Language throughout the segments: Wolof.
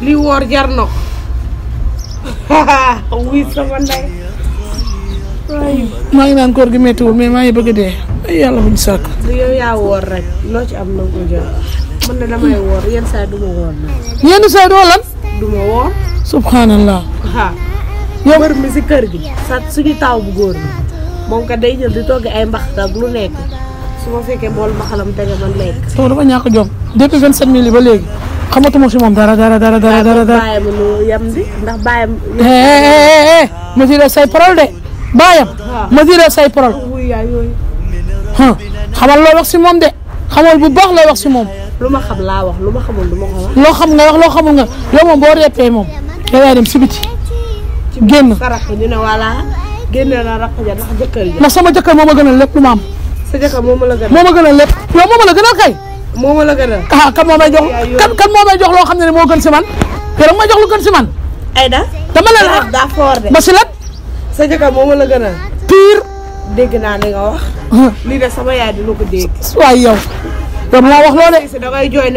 li woor jar na ko maa ngi naan koor gi méttiwul mais maa ngi bëgg a dee ay yàlla buñ sàkk lu yow yaa woor rek loo ci am na ko jël man ne damay woor yenn saa duma woor na yenn saa doo lan duma woor subhanallah yow mbër mi si kër gi sa suñu taaw bu góor gi moom kat day jël di togg ay mbaxal lu nekk su ma fekkee bool mbaxalam tege man lekk. sama dafa ñàkk a jom depuis 27000 yi ba léegi xamatuma si moom dara dara dara dara dara. bàyyam lu yem di ndax bàyyam. Eh, eh, eh, ma ciy def say parole de bàyyam. Ah. ma ciy def say parole. Oh, xamal loo wax si moom de xamal bu baax loo wax si moom. lu ma xam laa wax lu ma xamul lu ma ko wax. loo xam nga wax loo xamul nga yow moom boo reppee moom yow yaay dem si biti génn. génneel naa rakk ja ndax a ja. ndax sama jëkkër moo ma gënal lépp lu ma am. sa a moo ma la yow moo ma la a kay. moo ma la gënal. ah kan moo may jox kan kan moo may jox loo xam ne moo gën si man. yow da si man. Aida. la la ma la gënal. pire. dégg naa li nga wax. lii de sama loo de. si da ngay jooy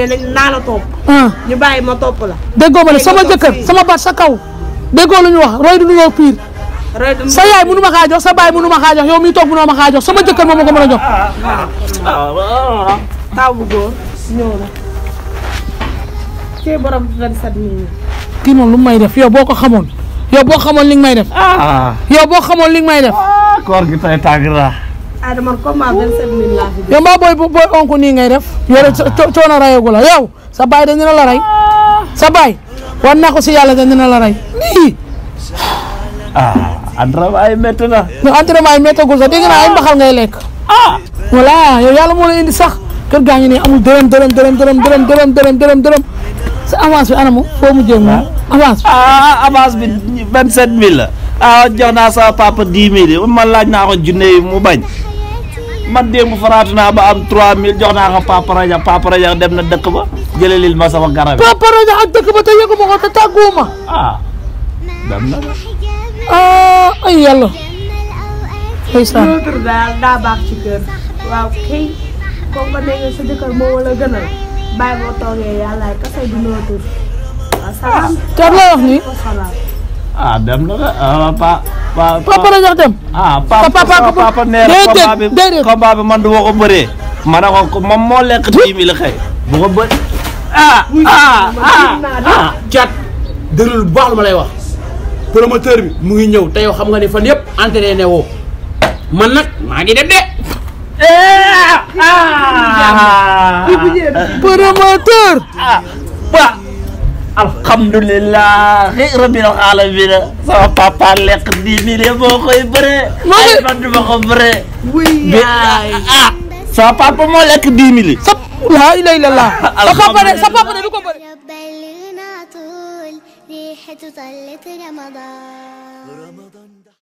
ma topp la. déggoo ma ne sama jëkkër sama baat sa kaw déggoo lu ñu wax roy du nuyoo pire sa yaay mënu ma xaajo sa baay mënu ma xaajo jox yow mii toog mënoo ma kaa jox sama jëkkër moom ma ko a jox. taw na. kii borom lu may def yow boo ko xamoon yow boo xamoon li nga may def. Ah. yow boo xamoon li may def. Ah, koor gi tey yow mbaa booy booy on nii ngay def. yore coono rayagu la yow sa baay dañu la la rey ah. sa baay war naa ko si yàlla dañu la la rey nii. entraînement yi métti na. non entraînement yi méttagul sax dégg naa ay mbaxal ngay lekk. ah voilà yow yàlla moo indi sax kër gaa ngi ne amul dërëm dërëm dërëm dërëm dërëm dërëm dërëm dërëm dërëm sa avance bi anamu foo mu jéem ah. avance bi. ah avance bi vingt sept mille la. ah jox naa sama papa dix mille man laaj naa ko junne yi mu bañ. man démb faraatu naa ba am 3000 jox naa ko Papa Raja Papa Raja dem na dëkk ba jëlelil ma sama garab yi. Papa Raja ak dëkk ba te yëgu ma ko te tàgguwu ma. Ah. ay a ndeysaan notre daal daa baax ci kër. waaw kay comme que nee moo wala gënal bàyyi boo toogee yàllaay kasay du notre. waaw salaam la wax nii. ah dem na de ah pa pa papa la jox dem. ah papa papa papa nee na combat bi combat man du ko ma ne ko moom moo lekk ko bëree. ah ah ah ah jat dërul baax ma lay wax. promoteur bi mu ngi ñëw te yow xam nga ni fan yëpp entraîné woo man nag maa ngi dem de. promoteur. ah waaw. alhamdulilah rabbil alamin sama papa lekk dix mille moo koy bëree. ay man du ma ko bëree. wuy yaay ah, ah, ah. sama papa moo lekk dix mille. laa ilaaha illallaah. alhamdulilah sa papa de sa papa de du ko bëri. ربي لنا طول ريحة طلة رمضان